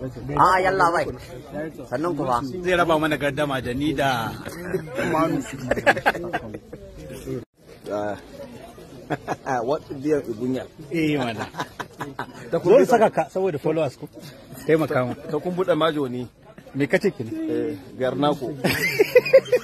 a ah, yalla bai sannan kuma zai raba mana gardama da ni da ah. ah, wata biyan ibunya eh mana da kun saka ka saboda followers ku taimaka mu ta kun buɗe majo ne me kace ki ne eh, garnako